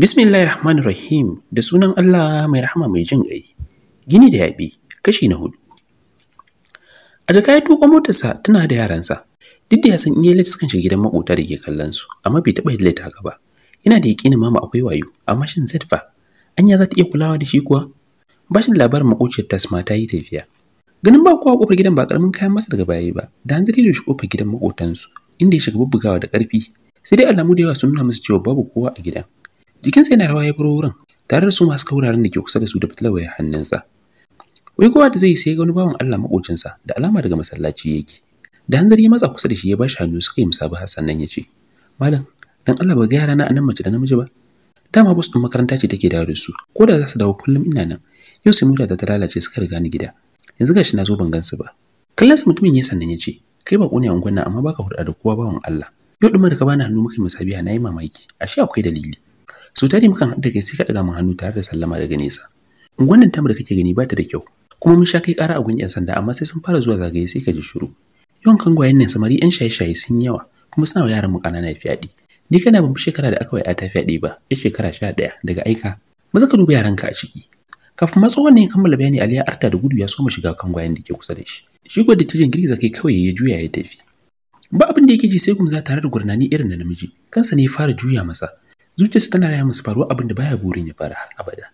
Bismillahir Rahmanir Rahim da sunan Allah mai rahama mai jin ƙai. Gini da yaɓi kashi na hudu. A jaka ya tuƙo motarsa tana da yaransa. Duk da ya san iyalit sukan shiga gidan makota da ke kallon su, amma bai taɓa yin ta gaba. Yana da yaƙinin mama akwai wayo, amma shin zai fa? Anya za ta iya kulawa da shi kuwa? Bashin labarin makociyar ma ta yi tafiya. Ganin ba kowa kofar gidan ba karamin kayan masa daga baya ba, da zari da shi kofar gidan makotansu, inda ya shiga bubbugawa da ƙarfi. Sai dai alamu da yawa sun nuna masa cewa babu kowa a gidan. Jikinsa yana rawa ya furo wurin, tare da su masu kauraren da ke kusa da su da fitilawaye hannunsa. Wai kowa da zai sai ga wani bawan Allah maƙocinsa da alama daga masallaci yake. Da hanzari ya matsa kusa da shi ya bashi hannu suka yi har sannan ya ce, Malam, dan Allah ba ga yara na anan mace da namiji ba. Dama bus ɗin makaranta ce take dawo da su, ko da za su dawo kullum ina nan. Yau sai mota ta lalace suka riga ni gida. Yanzu gashi na zo ban gansu ba. Kallon mutumin ya sannan ya ce, Kai ba ne a unguwan amma baka da kowa bawan Allah. Yau ɗin da ka bani hannu muka yi musabiya na yi mamaki, ashe akwai dalili. Su tare mukan haɗa kai sai ka ɗaga mu hannu tare da sallama daga nesa. Wannan tamar da kake gani ba ta da kyau. Kuma mun sha kai ƙara a gun 'yan sanda amma sai sun fara zuwa zagaye sai ka ji shiru. Yawan kangwayen nan samari 'yan shaye-shaye sun yi yawa kuma suna wa yaran mu ya fyaɗe. Ni kana ban shekara da aka wai ta fyaɗe ba, ya shekara sha ɗaya daga aika. Maza ka duba yaranka a ciki. Kafin matso wannan ya kammala bayani Aliya, arta da gudu ya soma shiga kangwayen da ke kusa da shi. Shi da tijin girgiza kai kawai ya juya ya tafi. Ba abin da yake ji sai gumza tare da gurnani irin na namiji. Kansa ne ya fara juya masa. zuciyarsa tana raya masa faruwa abin da baya burin ya fara har abada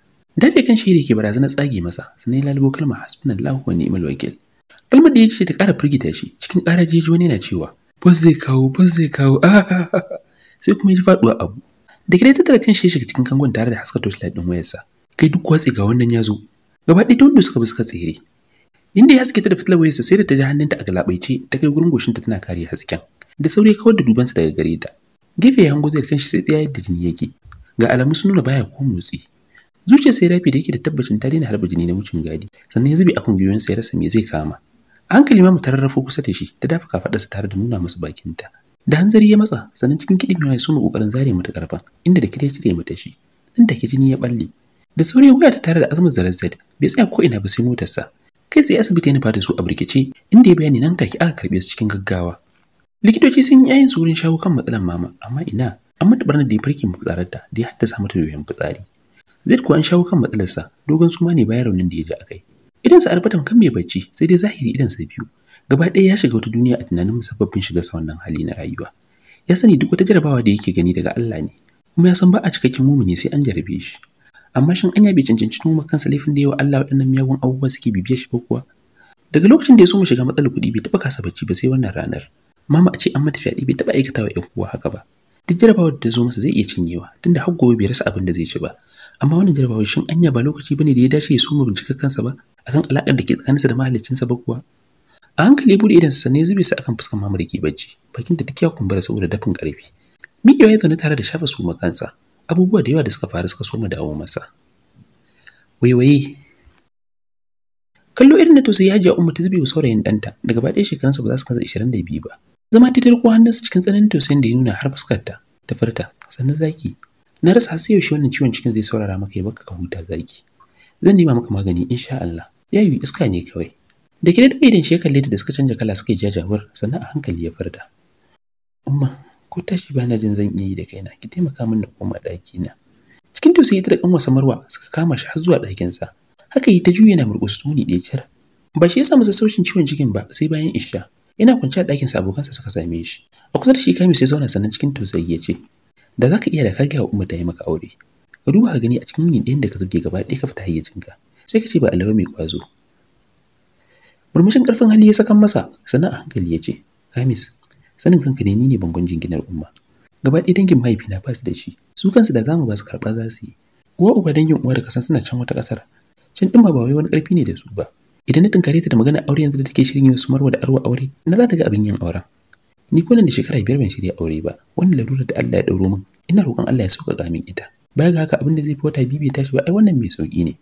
dafe kan shi ke yake barazanar tsage masa sannan ya kalma kalmar hasbunallahu wa ni'mal wakil kalmar da ya ce ta ƙara firgita shi cikin ƙara jeji wani yana cewa bas zai kawo bas zai kawo ah, ah, ah, sai kuma ya ji faɗuwa abu da kira ta kan shi shiga cikin kangon tare da haska torchlight ɗin wayarsa kai duk watsi ga wannan ya zo gaba ɗaya ta wanda suka bi suka tsere inda ya haske ta da fitilar wayarsa sai da ta ji hannunta a galabaice ta kai gurin goshinta tana kare hasken da sauri kawar da dubansa daga gare ta gefe ya hango zai kanshi shi sai ya yadda jini yake ga alamu sun nuna baya ko motsi zuciya sai rafi da yake da tabbacin ta daina harba jini na wucin gadi sannan ya zube akan gwiwansa ya rasa me zai kama hankali ma rarrafu kusa da shi ta dafa kafaɗarsa tare da nuna masa bakinta da hanzari ya matsa sannan cikin kidin ya suna ƙoƙarin zare mata karfa inda da ya cire mata shi nan take jini ya balle da sauri waya ta tare da azumar zarazzad bai tsaya ko ina ba sai motarsa kai sai asibiti ya nufa da su a birkice inda ya bayani nan take aka karɓe su cikin gaggawa likitoci sun yi yayin saurin shawo kan matsalar mama amma ina an mata barnar da ya farke mafitsararta da ya haddasa mata yoyon fitsari zai kuwa an shawo kan matsalarsa dogon suma ne bayan raunin da ya ji a kai Idan sa arbatan kan mai bacci sai dai zahiri idan sa biyu gaba ɗaya ya shiga wata duniya a tunanin musabbabin sa wannan hali na rayuwa ya sani duk wata jarabawa da yake gani daga Allah ne kuma ya san ba a cikakken mumuni sai an jarabe shi amma shin anya bi cancanci noma kansa laifin da yawa Allah waɗannan miyagun abubuwa suke bibiyar shi ba kuwa daga lokacin da ya so mu shiga matsalar kuɗi bai taɓa kasa bacci ba sai wannan ranar mama ce an mata fyaɗe bai taɓa aikata wa ‘yan uwa haka ba duk jarabawar da ta zo masa zai iya cinyewa tunda har gobe bai rasa abin da zai ci ba amma wannan jarabawar shin anya ba lokaci ne da ya dace ya soma bincika kansa ba akan alaƙar da ke tsakaninsa da mahaliccinsa ba kuwa a hankali ya buɗe idansa sannan ya zube su akan fuskar mamar ke bacci bakinta duk ya kumbura saboda dafin ƙarfi miƙewa ya zaune tare da shafa suma kansa abubuwa da yawa da suka faru suka soma da awo masa waiwaye kallo irin na tausayi hajiya umma ta zube wa saurayin ɗanta daga baɗe shekarunsa ba za su kasa ishirin da biyu ba zama ta tarko hannunsa cikin tsananin tausayin da ya nuna har fuskarta ta furta sannan zaki na rasa har sai yaushe wannan ciwon cikin zai saurara maka ya baka ka huta zaki zan nema maka magani insha Allah ya yi iska ne kawai da kire da idan shekar leda da suka canja kala suka yi jajawar sannan a hankali ya farda umma ko tashi ba na jin zan iya yi da kaina ki taimaka min na koma ɗaki na cikin tausayi ta da ƙanwa marwa suka kama shi har zuwa ɗakinsa haka yi ta juya na murƙusu ne ɗaya cira ba shi ya samu sassaucin ciwon cikin ba sai bayan isha Yana kwance a ɗakin sa abokansa suka same shi. A kusa da shi Kamis sai zauna sannan cikin tausayi ya ce, "Da zaka iya da ka wa Umma ta yi maka aure." Ka duba ka gani a cikin yini ɗayan da ka zubge gaba ɗaya ka fita hayyacinka. Sai ka ce ba alaba mai kwazo. Murmushin ƙarfin hali ya sakan masa, sannan a hankali ya ce, "Kamis, sanin kanka ne ni ne bangon jinginar Umma." Gaba ɗaya dangin mahaifina ba su da shi, su kansu da zamu ba su karɓa za su yi. Uwa uba dangin uwa da kasan suna can wata ƙasar, can ɗin ba wai wani ƙarfi ne da su ba. idan na tunkare ta da magana aure yanzu da take shirin yin Marwa da arwa aure na za ta ga abin yin auren ni ko nan da shekara biyar ban shirya aure ba wannan larurar da Allah ya dauro min ina roƙon Allah ya sauƙaƙa min ita baya ga haka abin da zai fi wata bibi tashi ba ai wannan mai sauƙi ne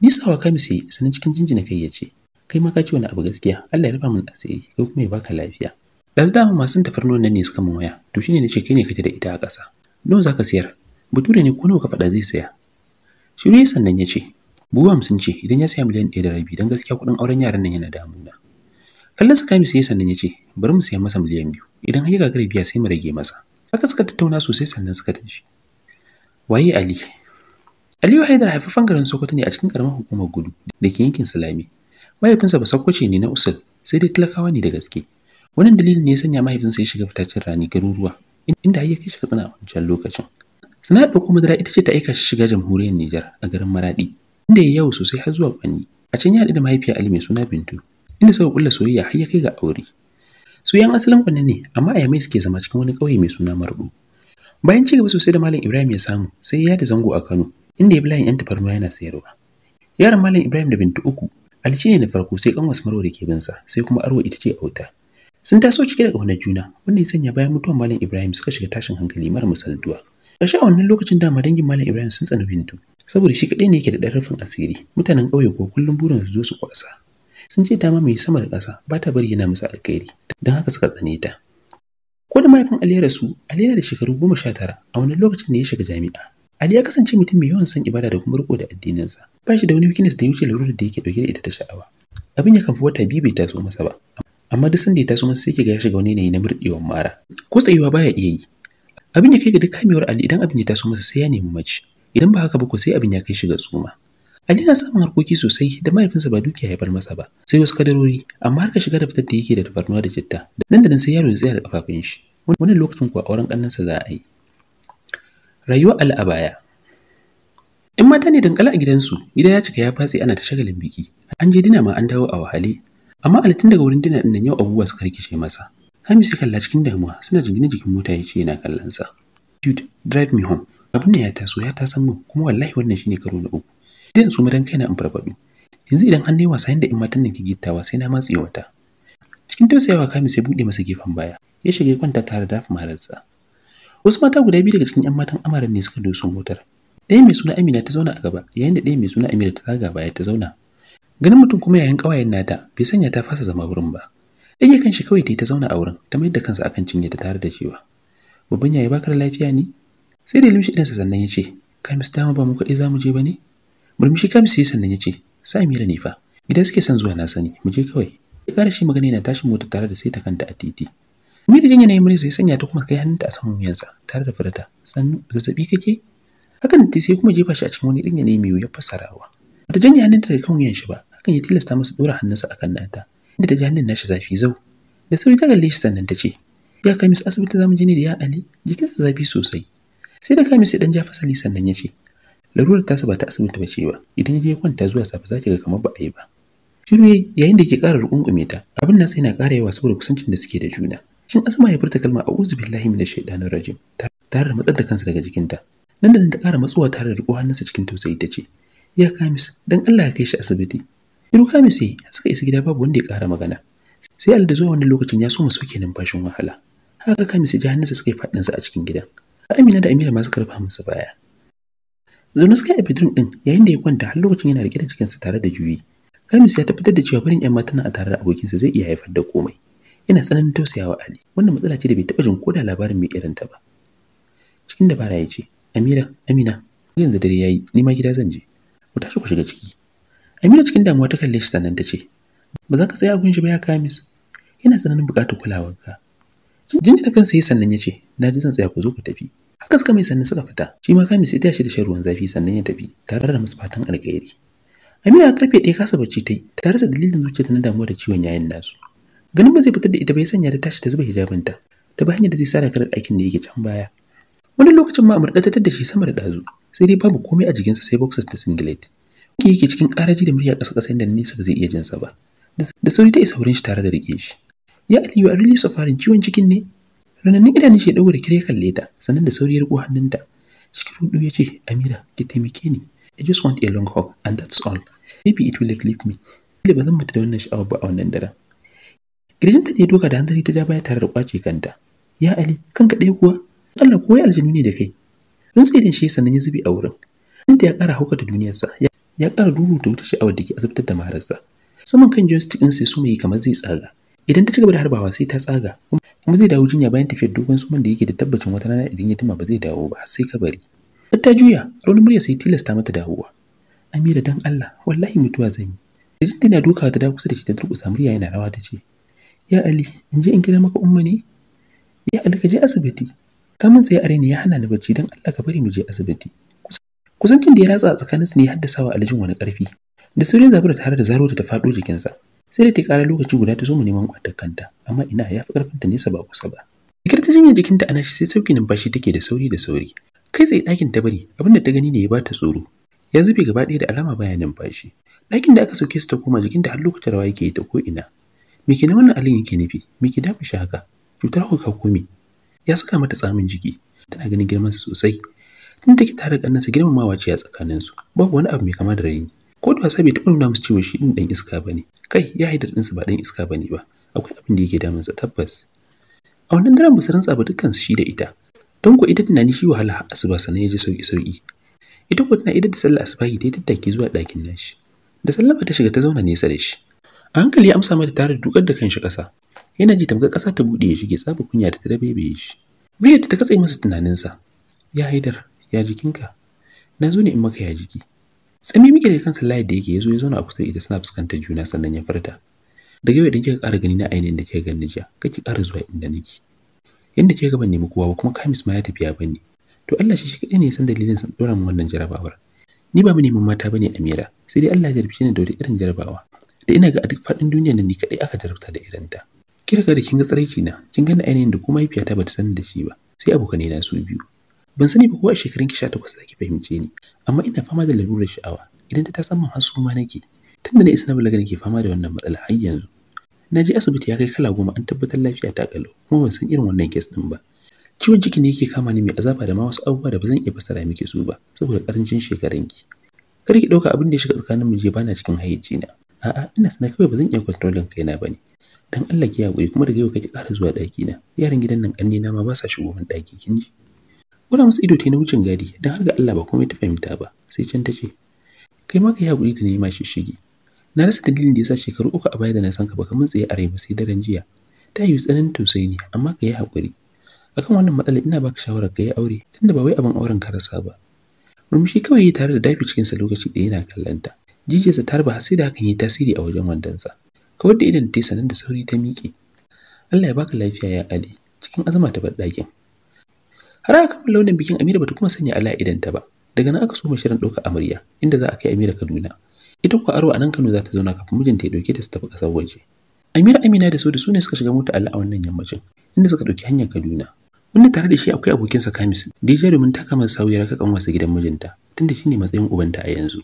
ni sawa kamsi sanin cikin jinjina kai ya ce kai ma ka ci wani abu gaskiya Allah ya rufa min asiri ko kuma ya baka lafiya Ɗazu dama masu tafarno nan ne suka min waya, to shine ce kai ne kaje da ita a ƙasa. Nawa zaka siyar? Bature ne ko nawa ka faɗa zai saya? Shiru sannan ya ce, Buhu hamsin ce idan ya saya miliyan ɗaya da rabi don gaskiya kuɗin auren yaran nan yana damuna. Kallon su sai ya sannan ya ce bari mu saya masa miliyan biyu idan har ya gagara biya sai mu rage masa. Haka suka tattauna sosai sannan suka tashi. Waye Ali? Aliyu Haidar haifafan garin Sokoto ne a cikin karamar hukumar Gudu da ke yankin Sulami. Mahaifinsa ba sakkoce ne na Usul sai dai talakawa ne da gaske. Wannan dalilin ne ya sanya mahaifinsa ya shiga fitacin rani garuruwa inda har ya kai shi katsina a wancan lokacin. Sana'ar ɗauko madara ita ce ta aika shi shiga jamhuriyar Nijar a garin Maraɗi inda ya yawo sosai har zuwa kwanni a can ya haɗu da mahaifiya ali mai suna bintu inda suka kulla soyayya har ya kai ga aure su yan asalin kwanni ne amma a yamai suke zama cikin wani ƙauye mai suna marɗo bayan ci gaba sosai da malam ibrahim ya samu sai ya da zango a kano inda ya bi layin yan tafarnuwa yana sayarwa yaran malam ibrahim da bintu uku ali alici ne na farko sai kanwas marwa da ke binsa sai kuma arwa ita ce auta sun taso cike da ƙaunar juna wanda ya sanya bayan mutuwar malam ibrahim suka shiga tashin hankali mara misaltuwa Kashi a wannan lokacin dama dangin Malam Ibrahim sun tsani Bintu, saboda shi kaɗai ne yake da ɗan asiri mutanen ƙauye ko kullum burin su zo su kwasa sun ce ta yi sama da ƙasa ba ta bari yana musu alkhairi don haka suka tsane ta ko da mahaifin Ali ya rasu Ali yana da shekaru goma sha tara a wani lokacin ne ya shiga jami'a Ali ya kasance mutum mai yawan son ibada da kuma riko da addininsa ba shi da wani weakness da ya wuce larurar da yake ɗauke da ita ta sha'awa abin ya kamfi wata biyu bai taso masa ba amma duk sanda ya taso masa sai ke ga ya shiga wani yanayi na murɗewar mara ko tsayuwa baya iya yi abin ya kai ga duk kamewar Ali idan abin ya taso masa sai ya nemi mace idan ba haka ba ko sai abin ya kai shi ga tsuma Ali na samun harkoki sosai da mahaifinsa ba dukiya ya bar masa ba sai wasu kadarori amma harka shiga da fitar da yake da tafarnuwa da citta nan da nan sai yaro ya tsaya da kafafun shi Wani lokacin kuwa auren ƙannansa za a yi rayuwar al'abaya in mata ne dankali a gidansu gida ya cika ya fatse ana ta shagalin biki an je dina ma an dawo a wahale amma alatin daga wurin dina dinnan yau abubuwa suka rikice masa kami sai kalla cikin damuwa suna jingina jikin mota ya ce yana kallon sa dude drive me home abin da ya taso ya tasan min kuma wallahi wannan shine karo na uku idan su madan kaina in farfado yanzu idan an dai wasa inda in matan nan ke gittawa sai na matse wata cikin tausayawa kami sai bude masa gefen baya ya shige kwanta tare da mahararsa wasu mata guda biyu daga cikin yan matan amaran ne suka doso motar ɗaya mai suna amina ta zauna a gaba yayin da ɗaya mai suna amina ta zaga baya ta zauna ganin mutum kuma yayin ƙawayen nata bai sanya ta fasa zama wurin ba ɗage kan shi kawai ta yi ta zauna a wurin ta mayar da kansa akan cinye ta tare da cewa babban yayi bakar lafiya ne sai da limshi ɗansa sannan ya ce kamis dama ba mu kaɗai za mu je ba ne murmushi kamis ya sannan ya ce sa mira ne fa idan suke son zuwa na sani mu je kawai ya ƙara shi magana yana tashin mota tare da sai ta kanta a titi jinya na yi murya sai sanya ta kuma kai hannunta a saman wuyansa tare da furta sannu zazzabi kake hakan da sai kuma jefa shi a cikin wani ɗin yanayi mai wuyar fassarawa bata janye hannunta da kan wuyan shi ba hakan ya tilasta masa ɗora hannunsa kan nata inda ta ji hannun nashi zafi zau da sauri ta kalle shi sannan ta ce ya kai mis asibiti mu je ne da ya ali jikinsa zafi sosai sai da sai dan ja fasali sannan ya ce larurar ta ba ta asibiti ba ce ba idan ya je kwanta zuwa safe zaki ga kamar ba a yi ba shiru yayin da ke ƙara rukunkume ta abin nan sai na ƙara yawa saboda kusancin da suke da juna shin asma ya furta kalma a'udhu billahi minash shaitanir rajim tare da matsar da kansa daga jikinta nan da nan ta ƙara matsuwa tare da riƙo hannunsa cikin tausayi ta ce ya kamis dan Allah ya kai shi asibiti shiru kamis sai suka isa gida babu wanda ya ƙara magana sai da zuwa wani lokacin ya so mu numfashin wahala haka kamis ya ji hannunsa suka yi faɗinsa a cikin gidan har Amina da Amira ma suka rufa musu baya. Zaune suka yi a bedroom ɗin yayin da ya kwanta har lokacin yana riƙe da cikinsa tare da juyi. Kamis ya tabbatar da cewa barin ‘yan matan a tare da abokinsa zai iya haifar da komai. Yana tsananin tausayawa Ali, wannan matsala ce da bai taɓa jin ko da labarin mai irinta ba. Cikin dabara ya ce, Amira, Amina, yanzu dare ya yi, ni ma gida zan je. Ku tashi ku shiga ciki. Amina cikin damuwa ta kalle shi sannan ta ce, Ba za ka tsaya a shi ba ya Kamis, yana tsananin buƙatar ka. Jinjira kansa ya sannan ya ce, na ji zan tsaya ku zo ku tafi. Haka suka mai sannan suka fita, shi ma kamis ya tashi da shan ruwan zafi sannan ya tafi, tare da musu fatan alkairi amina karfe ɗaya kasa bacci ta yi, tare da dalilin zuciya na damuwa da ciwon yayin nasu. Ganin ba zai fitar da ita ba ya sanya ta tashi ta zuba hijabinta, ta ta ba hanyar da zai sada karar aikin da yake can baya. Wani lokacin ma amurɗa ta da shi sama da ɗazu, sai dai babu komai a jikinsa sai boxers da singlet. Yake cikin ƙaraji da murya ƙasa-ƙasa inda nesa ba zai iya jinsa ba. Da sauri ta isa wurin shi tare da rike shi. ya aliyu a rili safarin ciwon cikin ne ranannin idanun shi ya da kire kalle ta sannan da sauri ya hannunta cikin rudu ya ce amira ki taimake ni i just want a long hug and that's all maybe it will relieve me dole ba zan mutu da wannan sha'awar ba a wannan daren ta ne doka da hanzari ta ja baya tare da kwace kanta ya ali kanka ɗaya kuwa Allah ko aljanu ne da kai rantsi din shi sannan ya zubi a wurin inda ya ƙara hauka da duniyarsa ya ƙara rubuta wuta sha'awar da ke azabtar da mararsa saman kan joystick ɗin sai su mai kamar zai tsaga idan ta cigaba da harbawa sai ta tsaga kuma zai dawo jinya bayan tafiyar dogon tsumin da yake da tabbacin wata rana idan ya tuma ba zai dawo ba sai ka har ta juya raunin murya sai tilasta mata dawowa amira dan Allah wallahi mutuwa zan yi Jin tana duka da da kusa da shi ta durƙusa murya yana rawa ta ce ya Ali in je in kira maka umma ne ya Ali ka je asibiti kamun sai a raina ya hana ni bacci dan Allah ka bari mu je asibiti kusancin da ya ratsa tsakaninsu ne ya haddasa wa alijin wani ƙarfi da sauran zabura tare da zaro da ta faɗo jikinsa sai da ta ƙara lokaci guda ta zo mu neman kwatar kanta amma ina ya fi ta nesa ba kusa ba Dikar ta jinya jikinta ana shi sai sauki numfashi take da sauri da sauri. Kai tsaye ɗakin ta bari abin da ta gani ne ya bata tsoro. Ya zube gaba ɗaya da alama baya numfashi. Ɗakin da aka sauke su ta koma jikinta har lokacin rawa yake ta ko ina. Me ke wannan alin yake nufi? Me ke dafa shi haka? Cutar hauka ko me? Ya saka mata tsamin jiki. Tana ganin girmansa sosai. Tun take tare da ƙannansa girmamawa ce a tsakaninsu. Babu wani abu mai kama da raini. ko da wasa bai taɓa nuna musu cewa shi ɗin ɗan iska ba ne kai ya haidar ɗinsa ba ɗan iska ba ne ba akwai abin da yake damunsa tabbas a wannan daren ba su rantsa ba dukkan shi da ita don ko ita tunani shi wahala a asuba sannan ya ji sauƙi-sauƙi. ita ko tana idar da sallar yi ta yi tattaki zuwa ɗakin nashi da sallama ta shiga ta zauna nesa da shi a hankali ya amsa mata tare da dukar da kanshi ƙasa yana ji tamkar ƙasa ta buɗe ya shige tsaba kunya da ta bai shi Muryar ta katse masa tunaninsa ya haidar ya jikinka na zo ne in maka ya jiki Tsami mike da kansa layi da yake ya zo ya zauna a kusa da ita suna fuskantar juna sannan ya farta. Daga yau idan kika ƙara gani na ainihin da kika gani jiya, kake ƙara zuwa inda nake. Yanda kika ga ban nemi kowa ba kuma Kamis ma ya tafi ya bani. To Allah shi shi kaɗai ne san dalilin san dora wannan jarabawar. Ni ba mu neman mata bane Amira, sai dai Allah ya jarabce ni da wata irin jarabawa. Da ina ga a duk faɗin duniya nan ni kaɗai aka jarabta da irin ta. ga da kin ga tsaraici na, kin gani ainihin da kuma mahaifiyata ba ta san da shi ba, sai abokanai na su biyu. ban sani ba ko a shekarun ki 18 zaki fahimce ni amma ina fama da lalurar sha'awa idan ta tasan man hasu ma nake tunda na isa na balaga nake fama da wannan matsala har yanzu na je asibiti ya kai kala goma an tabbatar lafiya ta kuma ban san irin wannan kes din ba ciwon ciki ne yake kama ni mai azaba da ma wasu abubuwa da ba zan iya fassara miki su ba saboda karancin ki kar ki dauka abin da ya shiga tsakanin mu je bana cikin hayyaci na a'a ina sanar kawai ba zan iya kontrolin kaina ne. dan Allah ki haƙuri, kuma daga yau kake ƙara zuwa ɗaki na yaran gidan nan ƙanni na ma ba sa shigo min ɗaki kin ji Ƙura masa ido ta na wucin gadi don har ga Allah ba komai ta fahimta ba sai can ta ce kai ma ka yi haƙuri da na yi ma shishigi. Na rasa dalilin da ya sa shekaru uku a baya da na san ka ba kamar tsaye a rai ba sai daren jiya. Ta yi tsananin tausayi ne amma ka yi haƙuri. kan wannan matsalar ina baka shawarar ka yi aure tunda ba wai abin auren ka rasa ba. Murmushi kawai yi tare da dafi cikinsa lokaci da yana ta Jijiyarsa ta raba har sai da hakan yi tasiri a wajen wandonsa. Kawar da idan ta yi sanar da sauri ta miƙe. Allah ya baka lafiya ya Ali cikin azama ta bar Har aka kammala wannan bikin Amira bata kuma sanya ala idanta ba. Daga nan aka soma shirin ɗaukar amarya inda za a kai Amira Kaduna. Ita kuwa Arwa a nan Kano za ta zauna kafin mijinta ya ɗauke ta su tafi ƙasar waje. Amira Amina da Saudi su ne suka shiga mota Allah a wannan yammacin inda suka ɗauki hanyar Kaduna. Wanda tare da shi akwai abokinsa Kamis da ya domin ta kama sauyar ka kanwarsa gidan mijinta tunda shi ne matsayin ubanta a yanzu.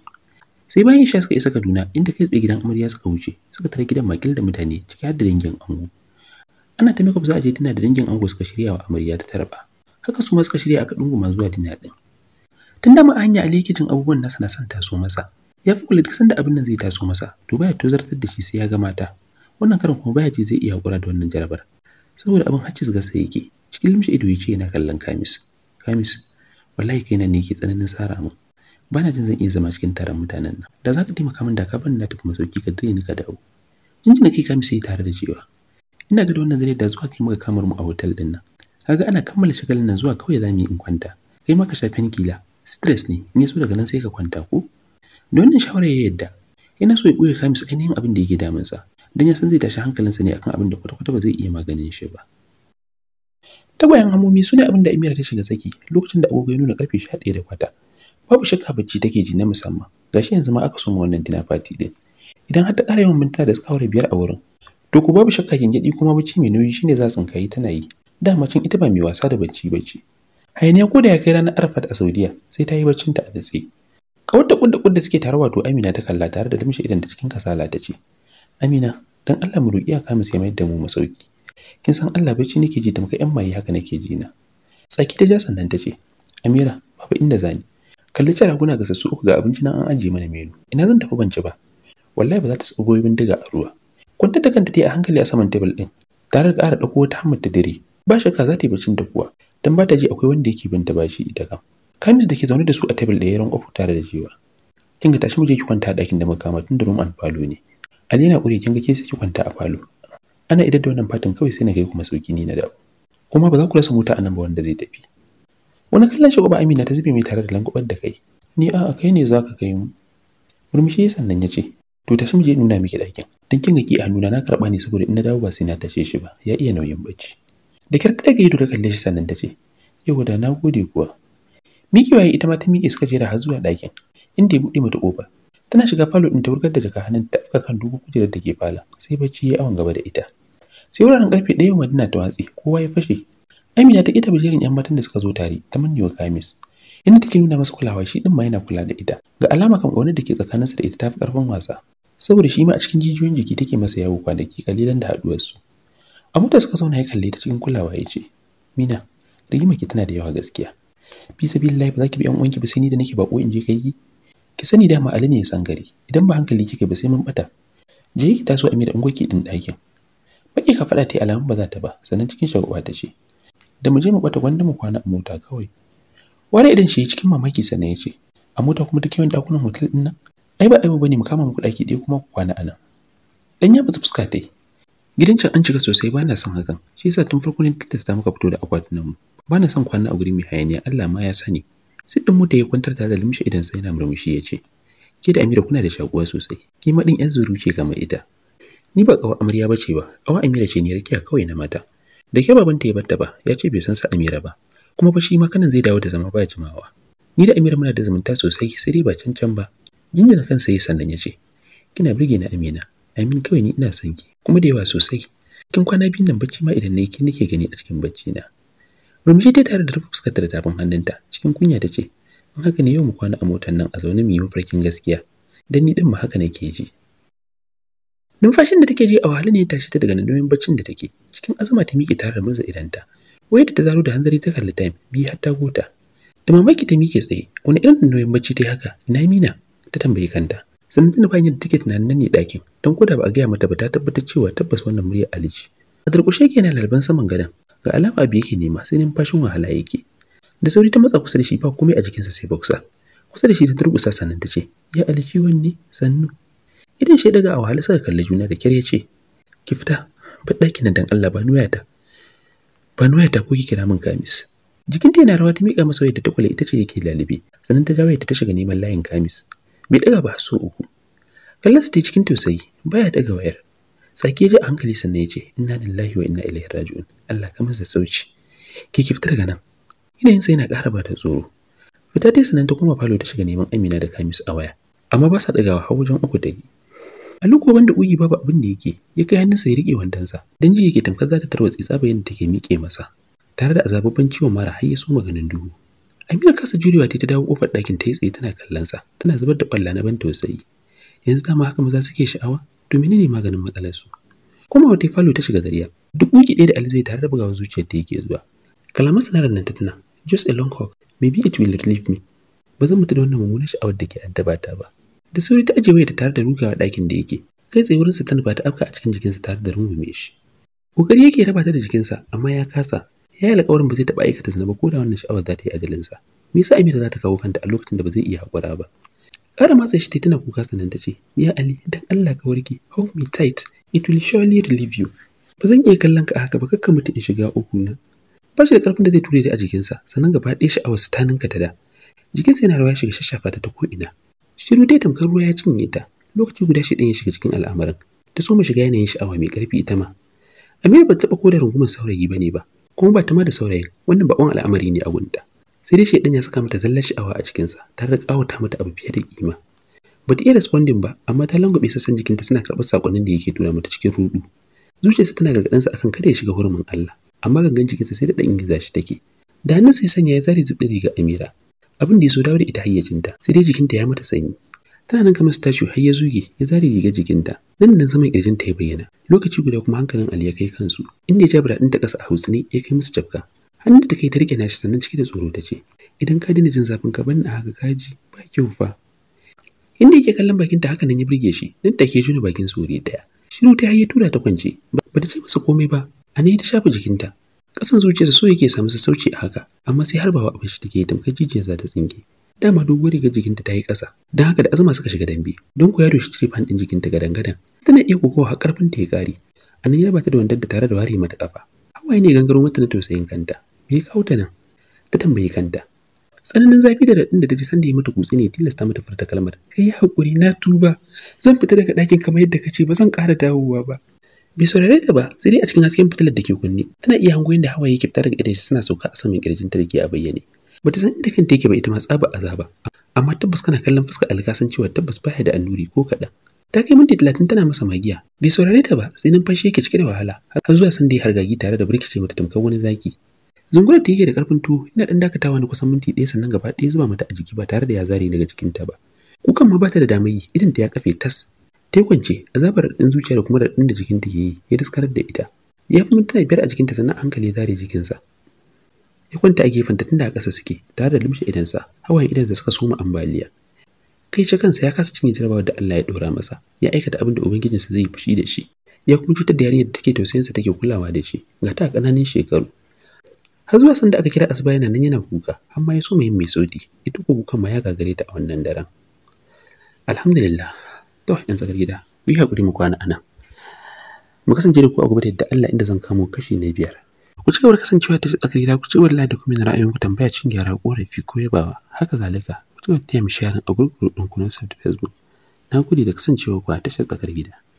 Sai bayan Isha suka isa Kaduna inda kai tsaye gidan amarya suka wuce suka tare gidan makil da mutane ciki har da dangin ango. Ana ta makeup za a je tana da dangin ango suka shirya wa amarya ta tarba. haka su ma kashirya shirya kaɗungu ma zuwa dina ɗin tun da hanya a likicin abubuwan nasa na son taso masa ya fi kula duk sanda abin nan zai taso masa to baya tozartar da shi sai ya ga mata wannan karin kuma baya ji zai iya hakura da wannan jarabar saboda abin haccis sai yake cikin limshi ido yace yana kallon kamis kamis wallahi na ne ke tsananin sara Ba bana jin zan iya zama cikin taron mutanen nan da zaka taimaka min da ka bani na tafi masauki ka dire ni ka dawo jinjina kai kamis sai tare da cewa ina ga wannan zare da zuwa kai muka kamar mu a hotel din nan kaga ana kammala shagalin nan zuwa kawai zamu yi in kwanta kai ma ka sha kila stress ne in so daga nan sai ka kwanta ko don wannan shawara ya yadda ina so ya ɓoye kamis ainihin abin da yake damunsa Dan ya san zai tashi hankalinsa ne akan abin da kwata-kwata ba zai iya maganin shi ba tagwayen hamomi su ne abin da amira ta shiga tsaki lokacin da agogo ya nuna karfe sha ɗaya da kwata babu shakka bacci take ji na musamman gashi yanzu ma aka soma wannan dina fati din idan har ta ƙara yawan mintuna da suka biyar a wurin to ku babu shakka kuma bacci mai nauyi shine za tsinkayi tana yi dama cin ita ba mai wasa da bacci bacci hayaniya ko da ya kai ranar Arafat a saudiya sai ta yi baccinta a datse da kudda kudda suke tare wato amina ta kalla tare da damshi idan ta cikin kasala ta ce amina don allah mu roƙi aka mu sai mai da mu masauki kin san allah bacci nake ji tamkar yan maye haka nake ji na tsaki ta ja sannan ta ce amira babu inda zani kalli cara raguna ga sassu uku ga abinci nan an ajiye mana menu ina zan tafi banci ba wallahi ba za ta tsugo bindiga a ruwa kwantar da kanta dai a hankali a saman tebul din tare da ƙara ɗauko wata hammar ta dare ba shakka za ta yi baccin da kuwa dan ba ta ji akwai wanda yake binta ba bashi ita kam kamis da ke zaune da su a table da ran kofu tare da cewa kinga tashi mu je ki kwanta a ɗakin da muka kama tun da room and falo ne ali yana ƙure kinga ke sai ki kwanta a falo ana idan da wannan fatin kawai sai na kai kuma sauki ni na dawo kuma ba za ku rasa mota a nan ba wanda zai tafi wani kallon shi ba amina ta zube mai tare da langubar da kai ni a kai ne za ka kai mu murmushi ya sannan ya ce to tashi mu je nuna miki ɗakin dan kin ga ki a nuna na karɓa ne saboda in na dawo ba sai na tashe shi ba ya iya nauyin bacci da kyar ta daga ido da kalle shi sannan ta ce yau da na gode kuwa mikiwaye ita ma ta miƙe suka jera har zuwa ɗakin inda ya buɗe mata ƙofa tana shiga falo ɗin ta wurgar da jaka hannun ta afka kan dubu kujerar da ke fala sai bacci ya awon gaba da ita sai wuraren karfe ɗaya madina ta watsi kowa ya fashe amina ta ƙeta bijirin yan matan da suka zo tare ta wa kamis inda take nuna masa kulawa shi ɗin ma yana kula da ita ga alama kan ƙaunar da ke tsakaninsa da ita ta fi ƙarfin wasa saboda shi ma a cikin jijiyoyin jiki take masa yawo kwanaki kalilan da haɗuwarsu A suka zauna ya kalle ta cikin kulawa ya ce, Mina, rigima ki tana da yawa gaskiya. Bi sabilillahi ba za ki bi 'yan uwanki ba sai ni da nake bako in je kai ki. Ki sani dama Ali ne ya san gari, idan ba hankali kika ba sai mun bata. Je ki taso Amira mira ungoki din ɗakin. Baki ka faɗa ta yi alamun ba za ta ba, sannan cikin shagwa ta ce, Da mu je mu bata gwanda mu kwana a mota kawai. Wani idan shi cikin mamaki sannan ya ce, A mota kuma duk yawan ɗakunan hotel ɗin nan? Ai ba aibu ne mu kama mu kuɗa ki ɗaya kuma ku kwana a nan. Ɗan ya fuska ta yi, Gidan can an cika sosai ba na son hakan. Shi yasa tun farko ne tilasta muka fito da akwatunan mu. Ba na son kwana a guri mai hayaniya Allah ma ya sani. Siddin mu da ya kwantar ta da limshi idan sai na murmushi ya ce. Ke da Amira kuna da shakuwa sosai. Ke ma din yan zuru ce kamar ita. Ni ba kawa amarya bace ba. Kawa Amira ce ne rakiya kawai na mata. Da ke babanta ya batta ba, ya ce bai san sa Amira ba. Kuma fa shi ma kanan zai dawo da zama ba jimawa. Ni da Amira muna da zumunta sosai, sai dai ba cancan ba. Jinjina kansa yi sannan ya ce, Kina birge na Amina, Amin kawai ni ina son ki, kuma da yawa sosai. Kin kwana biyun nan bacci ma idan na kin nake gani a cikin bacci na. Rumshi ta tare da rufe da tafin hannunta, cikin kunya ta ce, "In haka ne yau mu kwana a motar nan a zaune mu yi mafarkin gaskiya, dan ni din ma haka nake ji." Numfashin da take ji a wahala ne ya tashi ta daga nauyin baccin da take, cikin azama ta miƙe tare da murza idanta. wai da ta zaro da hanzari ta kalli time, biyu har ta gota. Da mamaki ta miƙe tsaye, wani irin nauyin bacci ta yi haka, ina mina? Ta tambayi kanta. sannan tana bayan yadda take tunanin nan ne ɗakin don ko da ba a gaya mata ba ta tabbatar cewa tabbas wannan murya Ali a durƙushe ke na lalban saman gadon ga alama abu yake nema sai fashin wahala yake da sauri ta matsa kusa da shi ba komai a jikinsa sai boksa kusa da shi ta durƙusa sannan ta ce ya Ali ciwon ne sannu idan shi daga a wahala suka kalli juna da kyar ya ce ki fita ba ɗakin nan dan Allah ba nuyata ba nuyata ko ki kira min kamis jikinta yana rawa ta miƙa masa wayar da ta kula ita ce yake lalibi sannan ta jawo ta shiga neman layin kamis bai daga ba so uku kallon su cikin tausayi baya daga wayar tsaki ji a hankali sannan ya ce inna lillahi wa inna ilaihi raji'un Allah ka masa sauci ki ki fitar ga nan yanayin sai yana ƙara ba tsoro fita ta sanan ta koma falo ta shiga neman Amina da Kamis a waya amma ba sa ɗagawa har wajen uku ta yi a luko banda ƙugi babu abin da yake ya kai hannunsa ya riƙe wandonsa dan ji yake tamkar za ta tarwatse tsaba yadda take miƙe masa tare da azababban ciwon mara har ya so maganin duhu Amina kasa jurewa ta dawo kofar ɗakin ta yi tsaye tana kallon sa tana zubar da ƙwallo na ban tausayi yanzu dama haka maza suke sha'awa to menene maganin matsalar su kuma wata falo ta shiga dariya duk buki ɗaya da Ali zai tare da bugawa zuciyar da yake zuwa kalamar sanarar nan ta tana just a long hawk maybe it will relieve me ba zan mutu da wannan mummunar sha'awar da ke addaba ta ba da sauri ta ajiye wayarta tare da rugawa ɗakin da yake kai tsaye wurin ta ba ta afka a cikin jikinsa tare da rungume shi kokari yake raba ta da jikinsa amma ya kasa ya yi alƙawarin ba zai taɓa aikata zina ba ko da wannan sha'awar za ta yi ajalinsa me yasa Amira za ta kawo kanta a lokacin da ba zai iya haƙura ba Kada matsa shi tana kuka sannan ta ce, Ya Ali, dan Allah ka warke, hold me tight, it will surely relieve you. Ba zan iya kallon ka a haka ba kakka mutu in shiga uku na. Ba shi da ƙarfin da zai ture ta a jikinsa, sannan gaba ɗaya sha'awar su ta ninka ta da. Jikinsa yana rawa ya shiga shashafa ta ta ko'ina. Shiru dai tamkar ruwa ya cinye ta, lokaci guda shi ɗin ya shiga cikin al'amarin. Ta soma shiga yanayin sha'awa mai ƙarfi ita ma. Aminu ba ta taɓa ko da rungumar saurayi ba ne ba, kuma ba ta ma da saurayin, wannan baƙon al'amari ne a gunta. sai dai shaidan ya saka mata zallar awa a cikinsa ta riƙawata mata abu fiye da kima ba ta iya responding ba amma ta langwabe sassan jikinta suna karɓar sakonnin da yake tura mata cikin rudu zuciyarsa tana gargaɗinsa akan kada ya shiga hurumin Allah amma gangan jikinsa sai da ɗan ingiza shi take da hannun sai sanya ya zare zubɗin riga Amira abin da ya so dawo da ita hayyacinta sai dai jikinta ya mata sanyi tana nan kamar statue har ya zuge ya zare rigar jikinta nan nan saman kirjinta ya bayyana lokaci guda kuma hankalin Ali ya kai kansu inda ya jabra ɗinta ƙasa a hausni ya kai musu jabka hannun ta kai ta riƙe nashi sannan cike da tsoro ta ce idan ka daina jin zafin ka banni a haka kaji ba kyau fa inda yake kallon bakin ta haka nan ya burge shi nan take juna bakin tsori daya shiru ta haye tura ta kwance ba ta ce masa komai ba a ne ta shafa jikinta kasan ta so yake samu sassauci a haka amma sai har ba abin shi take tamkar jijiyar za ta tsinke dama doguwar riga jikinta ta yi ƙasa don haka da azuma suka shiga dambe don ku ya shi cire fan jikinta gadan-gadan tana iya kokowa har ƙarfin ta ya ƙare a nan ya ta da wandar da tare da ware mata ƙafa hawaye ne gangaro mata na tausayin kanta ya kawo ta nan ta tambayi kanta tsananin zafi da daɗin da ta ji sanda ya mata kutse ne tilasta mata furta kalmar kai yi haƙuri na tuba zan fita daga ɗakin kamar yadda ka ce ba zan ƙara dawowa ba bai saurare ta ba sai dai a cikin hasken fitilar da ke kunne tana iya hango da hawaye ke fita daga idan suna sauka a saman kirjin ta da ke a bayyane bata san inda kanta yake ba ita ma tsaba azaba amma tabbas kana kallon fuskar alkasan cewa tabbas ba da annuri ko kaɗan ta kai minti talatin tana masa magiya bai saurare ta ba sai numfashi yake cike da wahala har zuwa sanda ya hargagi tare da burkice mata tamkar wani zaki Zungurar da yake da ƙarfin tuwo yana ɗan dakatawa na kusan minti ɗaya sannan gaba ɗaya zuba mata a jiki ba tare da ya zare daga jikinta ba. Kukan ma bata da damar yi idan ta ya kafe tas. Ta kwance azabar ɗin zuciya da kuma raɗin da jikinta ke yi ya daskarar da ita. Ya fi mintuna biyar a jikinta sannan hankali ya zare jikinsa. Ya kwanta a gefen ta tunda a ƙasa suke tare da lumshe idansa hawayen da suka soma ambaliya. kai shi kansa ya kasa cinye jarabawar da Allah ya dora masa ya aikata abin da ubangijinsa zai fushi da shi ya kuma cutar da yarinyar da take tausayinsa take kulawa da shi ga ta kananan shekaru har zuwa sanda aka kira asuba yana nan yana kuka har ma ya so mai mai sauti ita ko kukan ma ya gagare ta a wannan daren alhamdulillah to yan tsakar gida mu hakuri mu kwana anan mu kasance da ku a gaba da Allah inda zan kamo kashi na biyar ku ci gaba kasancewa ta tsakar gida ku ci gaba da kuma ra'ayoyinku tambaya cin gyara korafi ko yabawa haka zalika ku ci gaba da taya mu sharing a gurgurdin ku na Facebook na gode da kasancewa ku a tashar tsakar gida